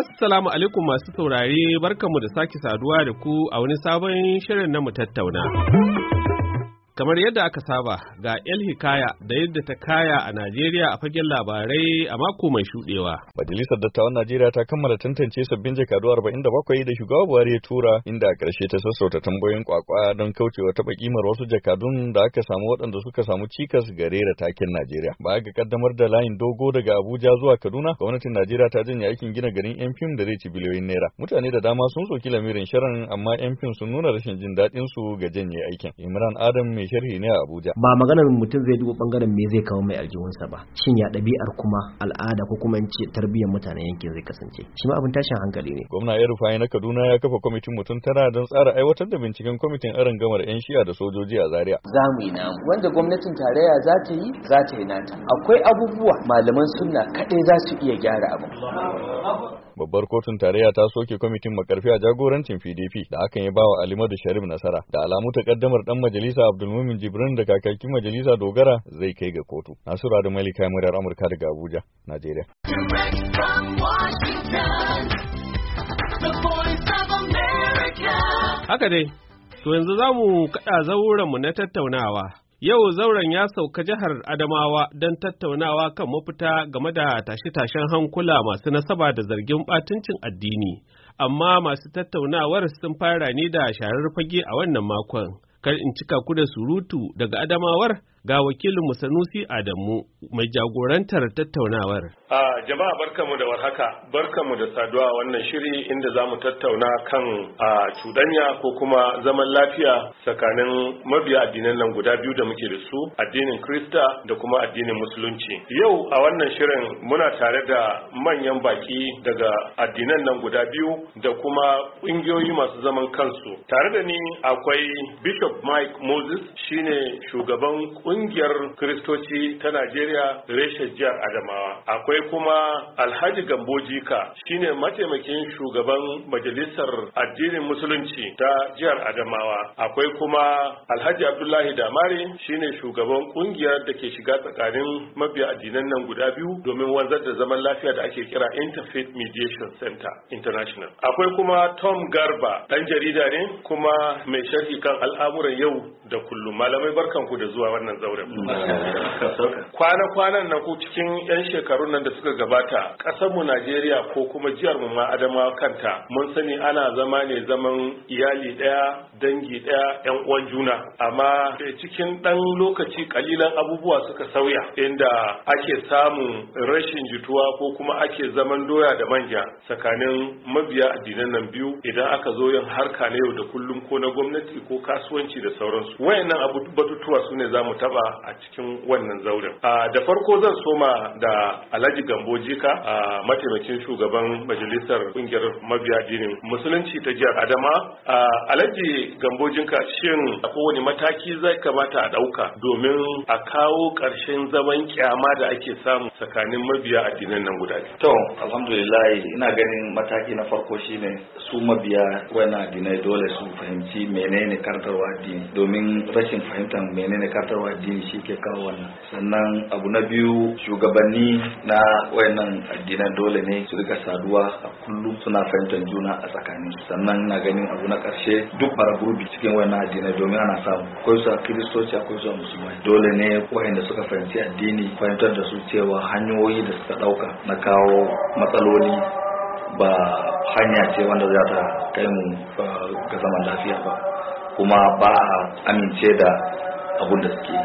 Assalamu alaikum masu saurare barkanmu da sake saduwa da ku a wani sabon shirin na mu tattauna. Kamar yadda aka saba ga 'Yan Hikaya da yadda ta kaya a Najeriya a fagen labarai a mako mai shudewa. Majalisar Dattawan Najeriya ta kammala tantance sabbin jakadu 47 da shugaba Buhari ya tura inda a ƙarshe ta sassauta tambayoyin kwakwa don kaucewa taɓa kimar wasu jakadun da aka samu waɗanda suka samu cikas ga rera takin Najeriya. Baya ga kaddamar da layin dogo daga Abuja zuwa Kaduna, gwamnatin Najeriya ta janye aikin gina garin yan fim da zai ci biliyoyin naira. Mutane da dama sun soki lamirin shirin amma yan fim sun nuna rashin jin daɗin su ga janye aikin. Imran Adam mai sharhi ne a Abuja ba maganar mutum zai duba bangaren me zai kawo mai aljihunsa ba shin ya ɗabi'ar kuma al'ada ko kuma in ce tarbiyyar mutanen yankin zai kasance shi ma abin tashin hankali ne gwamna ya Rufai na Kaduna ya kafa kwamitin mutum tara don tsara aiwatar da binciken kwamitin aron gamar yan shiya da sojoji a Zaria za mu yi namu wanda gwamnatin tarayya za ta yi za ta yi nata akwai abubuwa malaman sunna kaɗai za su iya gyara abu babbar kotun tarayya ta soke kwamitin makarfi a jagorancin PDP da hakan ya bawa Alimadu Sharif nasara da alamu ta kaddamar dan majalisa Abdulmumin Jibrin da kakakin majalisa Dogara zai kai ga kotu. nasu da Malika Murar Amurka daga Abuja, Najeriya. Haka dai, to yanzu za mu kaɗa zauren mu na tattaunawa. Yau zauren ya sauka jihar Adamawa don tattaunawa kan mafita game da tashe-tashen hankula masu nasaba da zargin ɓatuncin addini, amma masu tattaunawar sun fara ne da sharar fage a wannan makon. Kar in cika ku da surutu daga Adamawar ga wakilinmu Sanusi Adamu mai jagorantar tattaunawar. A jama'a mu da warhaka, mu da saduwa wannan shiri inda za mu tattauna kan a cuɗanya ko kuma zaman lafiya tsakanin mabiya addinan nan guda biyu da muke da su, addinin Krista da kuma addinin Musulunci. Yau a wannan shirin muna tare da manyan baki daga addinan nan guda biyu da kuma ƙungiyoyi masu zaman kansu. Tare da ni akwai Bishop Mike Moses shine shugaban kungiyar kristoci ta Najeriya reshen jihar Adamawa. Akwai kuma Alhaji Gambojika shine mataimakin shugaban majalisar addinin musulunci ta jihar Adamawa. Akwai kuma Alhaji Abdullahi Damari shine shugaban kungiyar da ke shiga tsakanin mabiya addinan nan guda biyu domin wanzar da zaman lafiya da ake kira Interfaith Mediation Center International. Akwai kuma Tom Garba ɗan jarida ne kuma mai sharhi kan al'amuran yau da kullum. Malamai barkanku da zuwa wannan wannan zauren kwana-kwanan nan ko cikin 'yan shekarun nan da suka gabata mu najeriya ko kuma jihar mu ma adama kanta mun sani ana zama ne zaman iyali ɗaya dangi ɗaya 'yan uwan juna amma cikin ɗan lokaci kalilan abubuwa suka sauya inda ake samun rashin jituwa ko kuma ake zaman doya da manja tsakanin mabiya addinan nan biyu idan aka zo yin harka na yau da kullum ko na gwamnati ko kasuwanci da sauransu wayannan batutuwa su ne za mu taba a cikin wannan zauren da farko zan soma da alhaji gambo jika a mataimakin shugaban majalisar kungiyar mabiya dinin musulunci ta jihar adama alhaji gambo Jika shin a kowane mataki zai kamata a ɗauka domin a kawo ƙarshen zaman kyama da ake samu tsakanin mabiya addinan nan guda biyu to alhamdulillah ina ganin mataki na farko shine su mabiya wannan addinai dole su fahimci menene kartarwa addini domin rashin fahimtar menene kartarwa addini shi ke kawo wannan sannan abu na biyu shugabanni na wayannan addinan dole ne su rika saduwa a kullum suna fahimtar juna a tsakanin sannan na ganin abu na karshe duk baragurbi cikin wayannan addinai domin ana samu akwai su a kiristoci akwai su a musulmai dole ne wayanda suka fahimci addini fahimtar da su cewa hanyoyi da suka dauka na kawo matsaloli ba hanya ce wanda za ta kai mu ah, ga zaman lafiya ba kuma ba a amince da abun da suke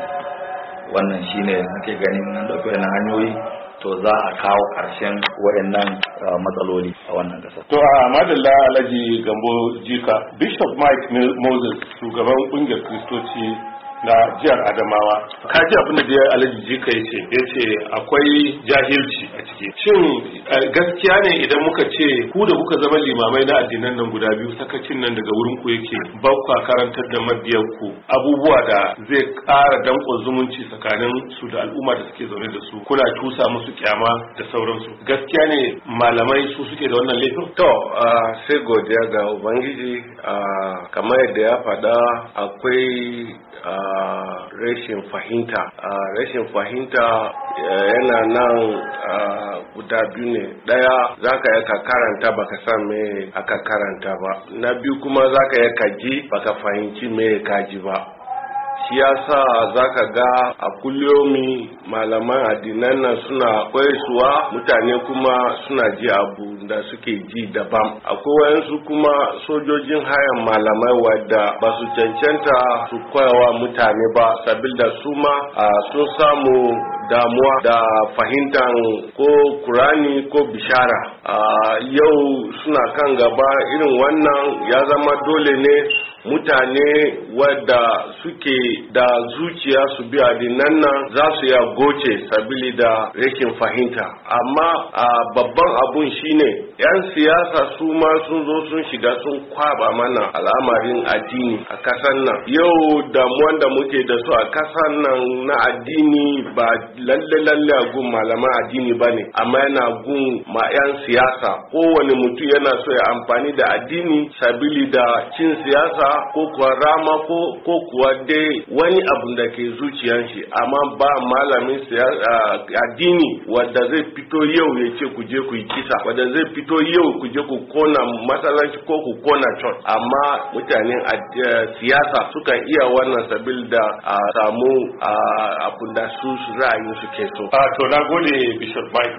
wannan shine nake ganin nan da na hanyoyi to za a kawo ƙarshen wayannan matsaloli a wannan kasar. To a madalla Alhaji Gambo Jika, Bishop Mike Moses shugaban ƙungiyar Kristoci na jihar adamawa ka ji abin da biyar alhaji jika ya ce ya ce akwai jahilci a ciki shin gaskiya ne idan muka ce ku da kuka zama limamai na addinan nan guda biyu sakacin nan daga wurin ku yake ba ku karantar da mabiyan ku abubuwa da zai ƙara danƙon zumunci tsakanin su da al'umma da suke zaune da su kuna cusa musu kyama da sauransu gaskiya ne malamai su suke da wannan laifin to sai godiya ga ubangiji kamar yadda ya faɗa akwai rashin fahimta rashin fahimta eh, yana nan guda biyu ne ɗaya za ka ka karanta baka sa me aka karanta ba na biyu kuma za ka yaka ji baka fahimci me ka ji ba shi za zaka ga a kulliyomi malaman addinan nan suna suwa mutane kuma suna ji abu da suke ji daban akwai wayansu kuma sojojin hayan malamai wadda ba su cancanta su koyawa mutane ba sabilda su ma sun samu damuwa da fahimtar ko kurani ko bishara yau suna kan gaba irin wannan ya zama dole ne mutane wadda suke da zuciya su bi adinan nan za su ya goce sabili da rashin fahimta amma a babban abun shine 'yan siyasa su ma sun zo sun shiga sun kwaba mana al'amarin addini a kasan nan yau damuwan da muke da su a kasan nan na addini ba lalle lalle a gun malaman addini ba ne amma yana gun ma 'yan siyasa kowane mutum yana so ya amfani da addini sabili da cin siyasa ko kuwa rama ko kuwa dai wani abu da ke zuciyan shi amma ba malamin addini wadda zai fito yau ya ce ku je ku yi kisa wadda zai fito yau ku ku kona matsalanci ko ku kona church amma mutanen eh, siyasa sukan iya wannan sabil da a samu abun da su ra'ayin su ke so. to na gode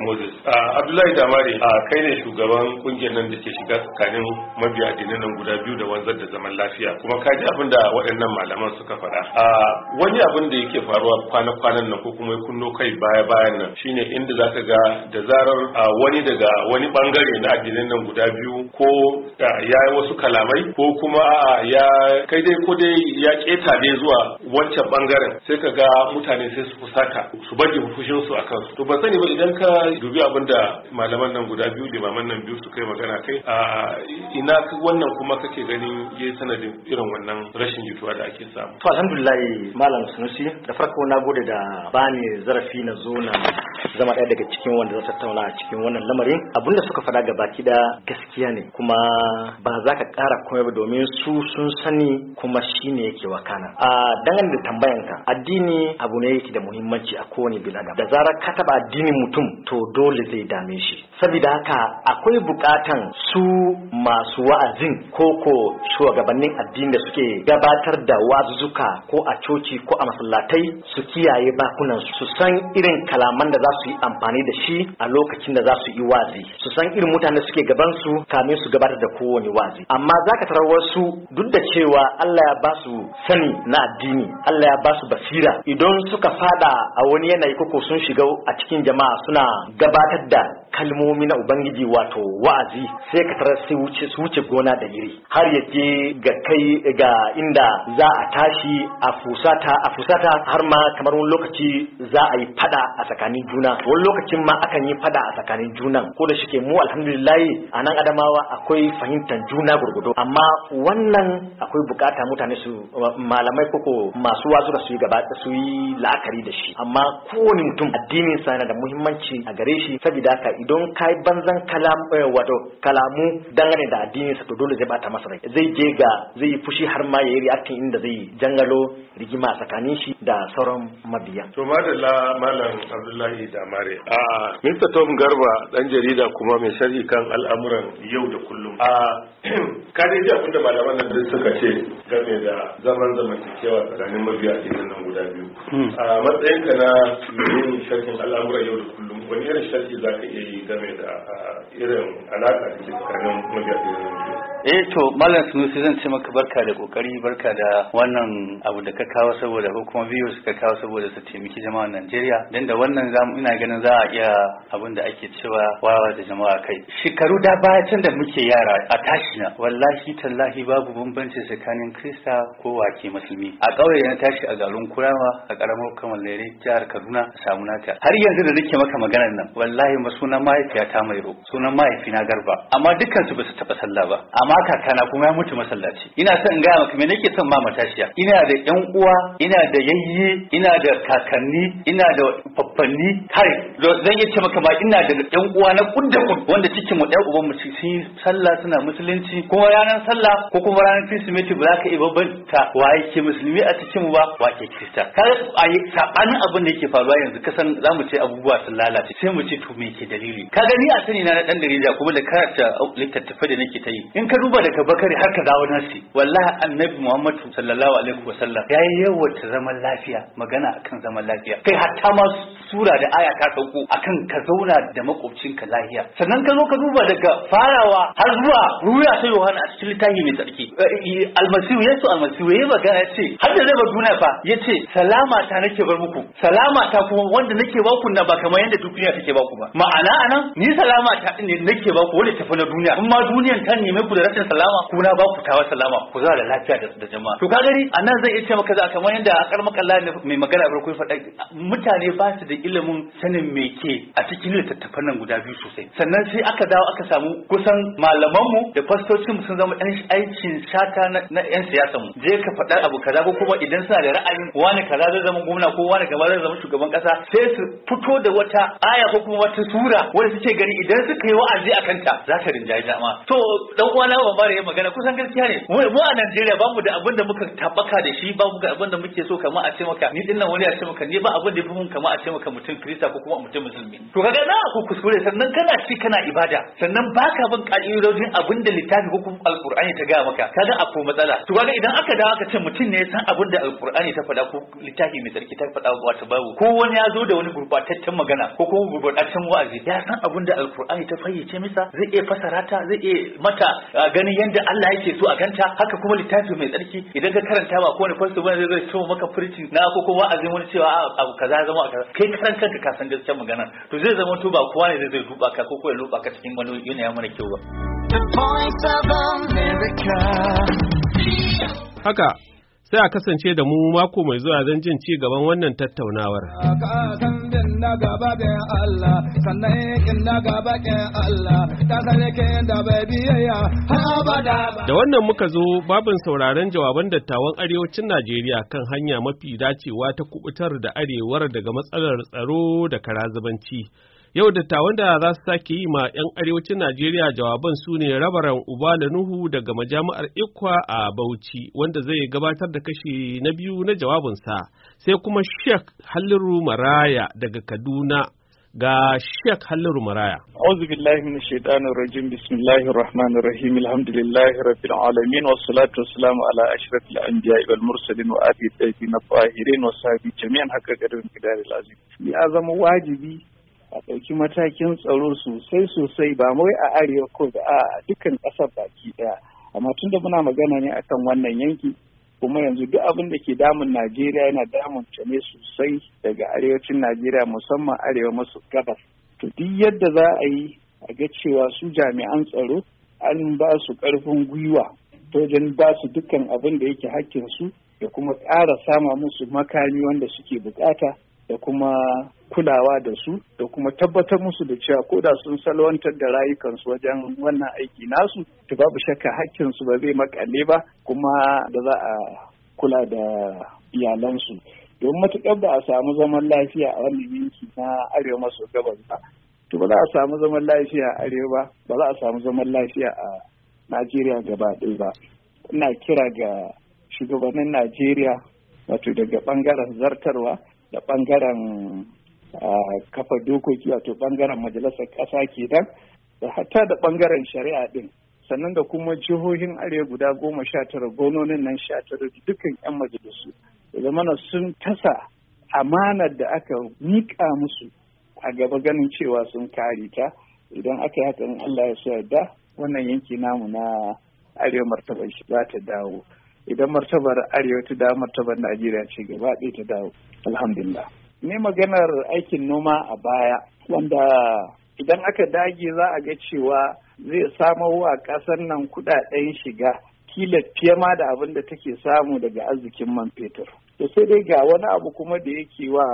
Moses. Abdullahi Damari kai ne shugaban kungiyar nan da ke shiga tsakanin mabiya nan guda biyu da wanzar da zaman lafiya. lafiya kuma ka ji abin da waɗannan malaman suka faɗa a wani abin da yake faruwa kwana-kwanan nan ko kuma kunno kai baya-bayan nan shine inda zaka ga da zarar wani daga wani bangare na addinin nan guda biyu ko ya yi wasu kalamai ko kuma ya kai dai ko dai ya keta dai zuwa wancan bangaren sai ka ga mutane sai su fusata su bari fushin su akan su to ban sani ba idan ka dubi abin da malaman nan guda biyu limaman nan biyu su kai magana kai a ina wannan kuma kake ganin yayi sanadin irin wannan rashin jituwa da ake samu to alhamdulillah malam sunusi da farko na gode da bani zarafi na zo na zama ɗaya daga cikin wanda za tattauna a cikin wannan lamarin abin da suka faɗa k'i da gaskiya ne kuma ba za ka ƙara komai ba domin su sun sani kuma shine yake wakana a dangane da tambayanka addini abu ne yake da muhimmanci a kowane bilada da zarar ka taɓa addinin mutum to dole zai dame shi saboda haka akwai bukatan su masu wa'azin ko ko shugabannin addini da suke gabatar da wazuzuka ko a coci ko a masallatai su kiyaye bakunan su san irin kalaman da za su yi amfani da shi a lokacin da za su yi wazi su san irin mutane suke gaban su kamin su gabatar da kowane wazi amma zaka tarar wasu duk da cewa Allah ya ba su sani na addini Allah ya ba su basira idan suka fada a wani yanayi ko sun shiga a cikin jama'a suna gabatar da kalmomi na ubangiji wato wa'azi sai ka tarar sai wuce su wuce gona da iri har ya je ga kai ga inda za a tashi a fusata a fusata har ma kamar wani lokaci za a yi fada a tsakanin juna wani lokacin ma akan yi fada a tsakanin juna ko da shike mu alhamdulillah a nan adamawa akwai fahimtar juna gurgudo amma wannan akwai bukata mutane su malamai koko masu wasu da su yi gaba su yi la'akari da shi amma kowane mutum addinin sa yana da muhimmanci a gare shi saboda ka. don kai banzan kalam eh, wato kalamu dangane da addinin sa to dole zai bata masa rai zai je ga zai yi fushi har ma yayi reacting inda zai jangalo rigima tsakanin shi da sauran mabiya to madalla malam Abdullahi Damare a ah, Mr Tom Garba dan jarida kuma mai sharhi kan al'amuran yau da kullum a ah, ka dai ji da malaman nan duk suka ce game da zaman zamantakewa tsakanin mabiya a nan guda biyu hmm. a ah, matsayinka na yin sharhin al'amuran yau da kullum wani irin sharhi za ka iya yi game da ah, irin alaƙa da ke tsakanin mabiya da yanzu eh to malam sunusi zan ce maka barka da kokari barka da wannan abu da ka kawo saboda ko kuma biyu suka kawo saboda su taimaki jama'ar Najeriya dan da wannan zamu ina ganin za a iya abin da ake cewa wawa da jama'a kai shekaru da bayan can da muke yara a tashi na wallahi tallahi babu bambanci tsakanin Krista ko wake musulmi a ƙauye na tashi a garin Kurama a karamar kamar Lere jihar Kaduna samu nata har yanzu da nake maka maganar nan wallahi ma sunan mahaifiyata mai ro sunan mahaifina garba amma dukkan su ba su taba sallah ba amma amma kakana kuma ya mutu masallaci ina son gaya maka me nake son ma matashiya ina da yan uwa ina da yayye ina da kakanni ina da faffanni kai zan yi ce maka ma ina da yan uwa na kudda wanda cikin mu ɗan uban mu sun sallah suna musulunci kuma ranar sallah ko kuma ranar kirsimeti ba za ka iya ta wa yake musulmi a cikin mu ba wa ke kirista kaga a sabanin abin da yake faruwa yanzu kasan za mu ce abubuwa sun lalace sai mu ce to me ke dalili Ka gani a sani na na dan jarida kuma da karanta littattafai da nake ta yi in ka duba daga bakari har ka dawo nasi wallahi annabi muhammad sallallahu alaihi wasallam ya yi yawata zaman lafiya magana akan zaman lafiya kai hatta ma sura da aya ta sauko akan ka zauna da makwabcinka lafiya sannan ka zo ka duba daga farawa har zuwa ruya sai yohana a cikin littafi mai tsarki eh, eh, almasihu yesu almasihu yayi magana ya ce har da ba duniya fa ya ce salama ta nake bar muku salama ta kuma wanda nake ba ku na ba kamar yadda duniya take ba ku ba ma'ana anan ni salama ta ne nake ba ku wanda tafi na duniya Amma duniyan ta nemi ku da cin salama kuna ba ku tawa salama ku za da lafiya da jama'a to ka gani a nan zan iya ce maka za kamar yadda a karmar ne mai magana farko ya faɗa mutane ba su da ilimin sanin me ke a cikin littattafan nan guda biyu sosai sannan sai aka dawo aka samu kusan malaman mu da fastocin sun zama ɗan aikin shata na 'yan mu. je ka faɗa abu kaza ko kuma idan suna da ra'ayin wani kaza zai zama gwamna ko wani gaba zai zama shugaban ƙasa sai su fito da wata aya ko kuma wata sura wanda suke gani idan suka yi wa'azi a kanta za ta rinjaye jama'a to dan uwana ban bare ya magana kusan gaskiya ne mu a Najeriya bamu da abin da muka tabbaka da shi bamu ga abin da muke so kamar a ce maka ni dinnan wani a ce maka ni ba abin da mun kamar a ce maka mutum Kirista ko kuma mutum musulmi to kaga na ku kuskure sannan kana ci kana ibada sannan baka bin ka'idodin abin da littafi ko kuma alkur'ani ta gaya maka kaga ko matsala to kaga idan aka dawo aka ce mutum ne san abin da alkur'ani ta faɗa ko littafi mai tsarki ta faɗa ta babu ko wani ya zo da wani gurbataccen magana ko kuma gurbataccen wa'azi ya san abin da alkur'ani ta fayyace masa zai iya fasara ta zai iya mata a ganin yadda Allah yake so a ganta haka kuma littafi mai tsarki idan ka karanta ba kowane fasu ba zai zai so maka furci na ko kuma azin wani cewa abu kaza zama a kaza kai karan kanka ka san gaskiyar magana to zai zama to ba kowa ne zai zai duba ka ko kuma luba ka cikin wani yana mana kyau ba. Haka sai a kasance da mu mako mai zuwa don jin ci gaban wannan tattaunawar. Da wannan muka zo babin sauraron jawaban dattawan arewacin Najeriya kan hanya mafi dacewa ta kubutar da arewar daga matsalar tsaro da zubanci. Yau dattawan da za su sake yi ma 'yan arewacin Najeriya jawaban su ne rabaran da Nuhu daga majami'ar Ikwa a Bauchi wanda zai gabatar da kashi na biyu na jawabinsa sai kuma Sheikh Halliru Maraya daga Kaduna ga Sheikh Halliru Maraya. Auzu billahi min shaitanir rajim bismillahir rahmanir rahim alhamdulillahi rabbil alamin was salatu was salamu ala ashrafil anbiya'i wal mursalin wa ali tayyibin tahirin wa sahibi jami'an haqqa gadon kidaril azim. Ya zama wajibi a ɗauki matakin tsaro sosai sosai ba wai a arewa ko da a dukkan ƙasar baki ɗaya amma tun da muna magana ne akan wannan yanki kuma yanzu duk abin da ke damun najeriya yana damun ta ne sosai daga arewacin najeriya musamman arewa maso gabas to duk yadda za a yi a ga cewa su jami'an tsaro an ba su ƙarfin gwiwa wajen ba su dukkan abin da yake hakkin su da kuma ƙara sama musu makami wanda suke bukata da kuma kulawa da su da kuma tabbatar musu da cewa ko da sun salwantar da rayukansu wajen wannan aiki nasu to babu shakka hakkinsu ba zai makale ba kuma da za a kula da iyalansu don matuƙar ba a samu zaman lafiya a wannan yanki na arewa maso gabas ba to ba za a samu zaman lafiya a arewa ba za a samu zaman lafiya a najeriya gaba ɗaya ba ina kira ga shugabannin najeriya wato daga ɓangaren zartarwa da ɓangaren kafa dokoki wato ɓangaren majalisar ƙasa kenan da hatta da bangaren shari'a ɗin, sannan da kuma jihohin arewa guda goma sha tara gononin nan sha tara dukkan 'yan majalisu da zamana sun tasa amanar da aka miƙa musu a gaba ganin cewa sun kare ta idan aka yi hakan allah ya sa yarda wannan yanki namu na arewa martaba za ta dawo idan martabar arewa ta dawo martabar najeriya ce gaba ɗaya ta dawo alhamdulillah ne maganar aikin noma a baya wanda idan aka dage za a ga cewa zai samo wa ƙasar nan kuɗaɗen shiga kila fiye ma da abin da take samu daga arzikin man fetur to sai dai ga wani abu kuma da yake wa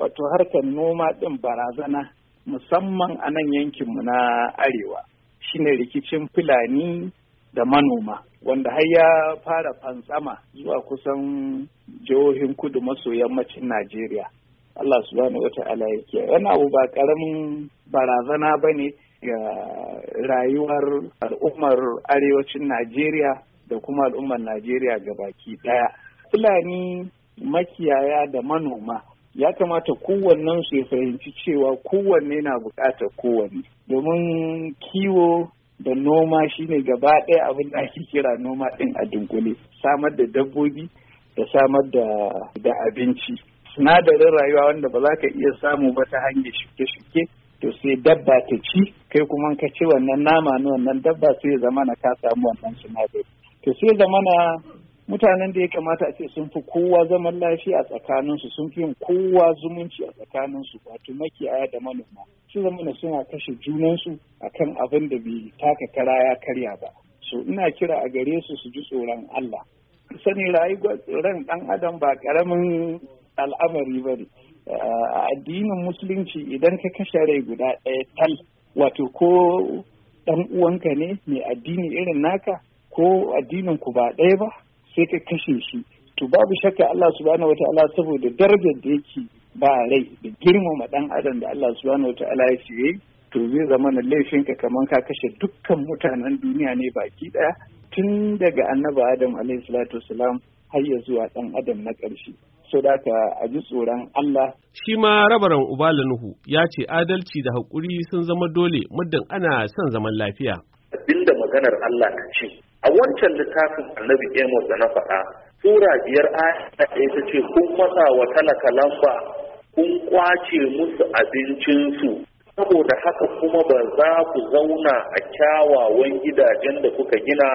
wato harkar noma ɗin barazana musamman a nan yankinmu na arewa shine rikicin fulani da manoma wanda har ya fara fantsama zuwa kusan jihohin kudu maso yammacin Najeriya. Allah su wata wata ya kiyaye. Wani ba karamin barazana ba ne ga rayuwar al'ummar arewacin Najeriya da kuma al'ummar Najeriya ga baki ɗaya. Fulani makiyaya da manoma ya kamata kowannen su ya fahimci cewa kowanne na buƙatar kowanne domin kiwo da noma shine gaba ɗaya abin da ake kira noma ɗin a dunkule samar da dabbobi da samar da abinci sinadarin rayuwa wanda ba za ka iya samu ba ta hanyar shuke-shuke to sai dabba ta ci kai kuma ka ci wannan nama na wannan dabba sai ya zama na ka samu wannan sinadari to sai zamana mutanen da ya kamata a ce sun fi kowa zaman lafiya a tsakaninsu sun fi kowa zumunci a tsakaninsu wato makiyaya da manoma su zamana suna kashe junansu a kan abin da bai taka kara ya karya ba so ina kira a gare su su ji tsoron Allah sani rayu ran dan adam ba karamin al'amari ba ne a addinin musulunci idan ka kashe rai guda ɗaya tal wato ko dan uwanka ne mai addini irin naka ko addinin ku ba ɗaya ba sai ka kashe shi to babu shakka Allah subhanahu wataala saboda darajar da yake ba rai da girmama dan adam da Allah subhanahu wataala ya ce to zai zama na laifin ka kamar ka kashe dukkan mutanen duniya ne baki daya tun daga annabi adam alaihi salatu wasalam har ya zuwa dan adam na ƙarshe so da ka a ji tsoron Allah shi ma rabaran ubala nuhu ya ce adalci da hakuri sun zama dole muddin ana son zaman lafiya abinda maganar Allah ta ce a wancan littafin annabi amos da na faɗa sura biyar aya ɗaya ta ce kun masa wa talaka lamba kun kwace musu abincinsu saboda haka kuma ba za ku zauna a kyawawan gidajen da kuka gina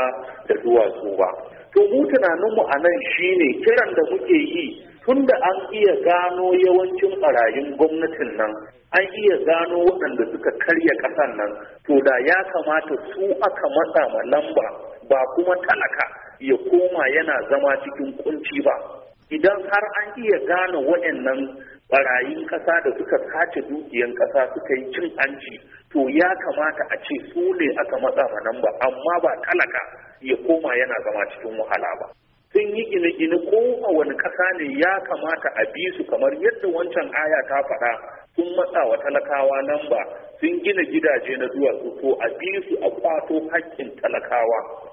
da duwatsu ba to mu tunaninmu a nan shine kiran da muke yi tun da an iya gano yawancin barayin gwamnatin nan an iya gano waɗanda suka karya ƙasar nan to da ya kamata su aka matsa ma lamba ba kuma talaka ya koma yana zama cikin kunci ba idan har an iya gane waɗannan ɓarayin ƙasa da suka sace dukiyan ƙasa suka yi cin hanci to ya kamata a ce su ne aka matsa nan ba amma ba talaka ya koma yana zama cikin wahala ba sun yi gine-gine ko a wani ƙasa ne ya kamata a bi su kamar yadda wancan aya ta faɗa sun matsa wa talakawa nan ba sun gina gidaje na duwatsu ko a bi su a kwato haƙƙin talakawa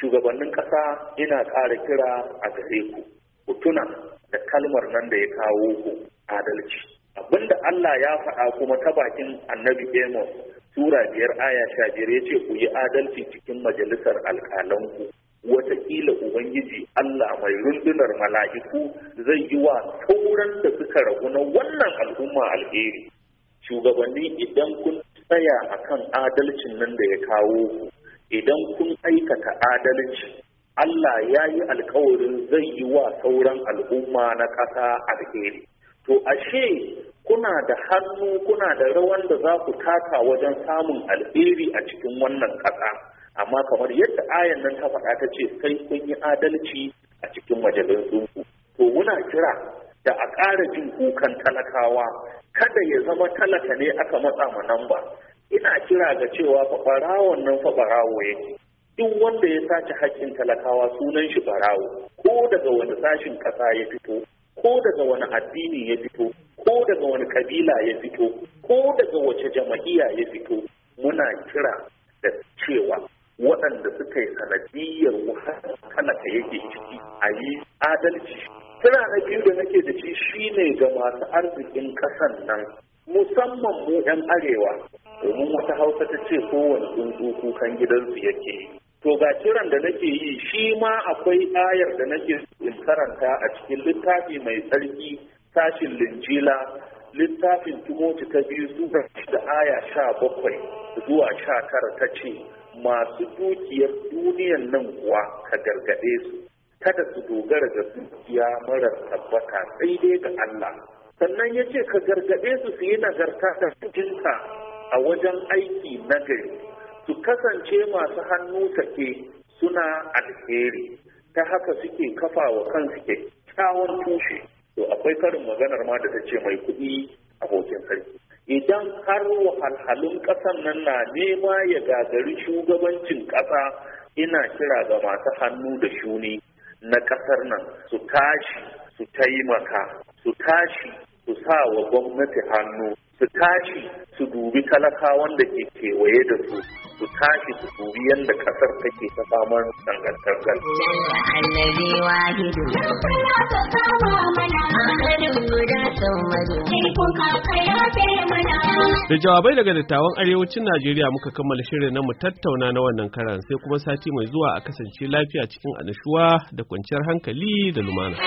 shugabannin ƙasa ina ƙara kira a gare ku ku tuna da kalmar nan da ya kawo ku adalci abinda Allah ya faɗa kuma ta bakin annabi Amos sura biyar aya sha biyar ya ce ku yi adalci cikin majalisar alƙalanku wataƙila Ubangiji Allah mai rundunar mala'iku zai yi wa sauran da suka ragu na wannan al'umma alheri. Shugabanni idan kun tsaya akan adalcin nan da ya kawo ku, idan kun aikata adalci Allah ya yi alkawarin zai yi wa sauran al'umma na ƙasa alheri to ashe kuna da hannu kuna da rawan da za ku taka wajen samun alheri a cikin wannan ƙasa amma kamar yadda ayan nan ta faɗa ta ce sai kun yi adalci a cikin majalisunku to muna kira da a ƙara jin kukan talakawa kada ya zama talaka ne aka matsa ma nan ina kira ga cewa faɓarawon nan faɓarawo yake duk wanda ya sace haƙƙin talakawa sunan shi ɓarawo, ko daga wani sashin ƙasa ya fito ko daga wani addini ya fito ko daga wani ƙabila ya fito ko daga wace jama'iya ya fito muna kira da cewa waɗanda suka yi sanadiyar talaka yake ciki a yi adalci kira na biyu da nake da shi shine ga masu arzikin ƙasan nan musamman mu 'yan arewa domin wata hausa ta ce kowane tsuntsu kukan gidansu yake to ga kiran da nake yi shi ma akwai ayar da nake in karanta a cikin littafi mai tsarki sashin linjila littafin tumoti ta biyu zuwa da aya sha bakwai zuwa sha tara ta ce masu dukiyar duniyan nan kuwa ka gargaɗe su kada su dogara ga dukiya marar tabbata sai dai ga Allah sannan ya ce ka gargaɗe su su yi nagarta da jinka a wajen aiki nagari su kasance masu hannu take suna alheri ta haka suke kafa wa kansu kyakkyawan tushe to akwai karin maganar ma da ta ce mai kuɗi a hokin sarki idan har wahalhalun ƙasan nan na nema ya gagari shugabancin ƙasa ina kira ga masu hannu da shuni na ƙasar nan su tashi su taimaka su tashi su sa wa gwamnati hannu su tashi su dubi talakawan da ke kewaye da su su tashi su dubi yadda kasar take ta samar dangantakar. Da jawabai daga dattawan arewacin Najeriya muka kammala shirin na mu tattauna na wannan karan sai kuma sati mai zuwa a kasance lafiya cikin annashuwa da kwanciyar hankali da lumana.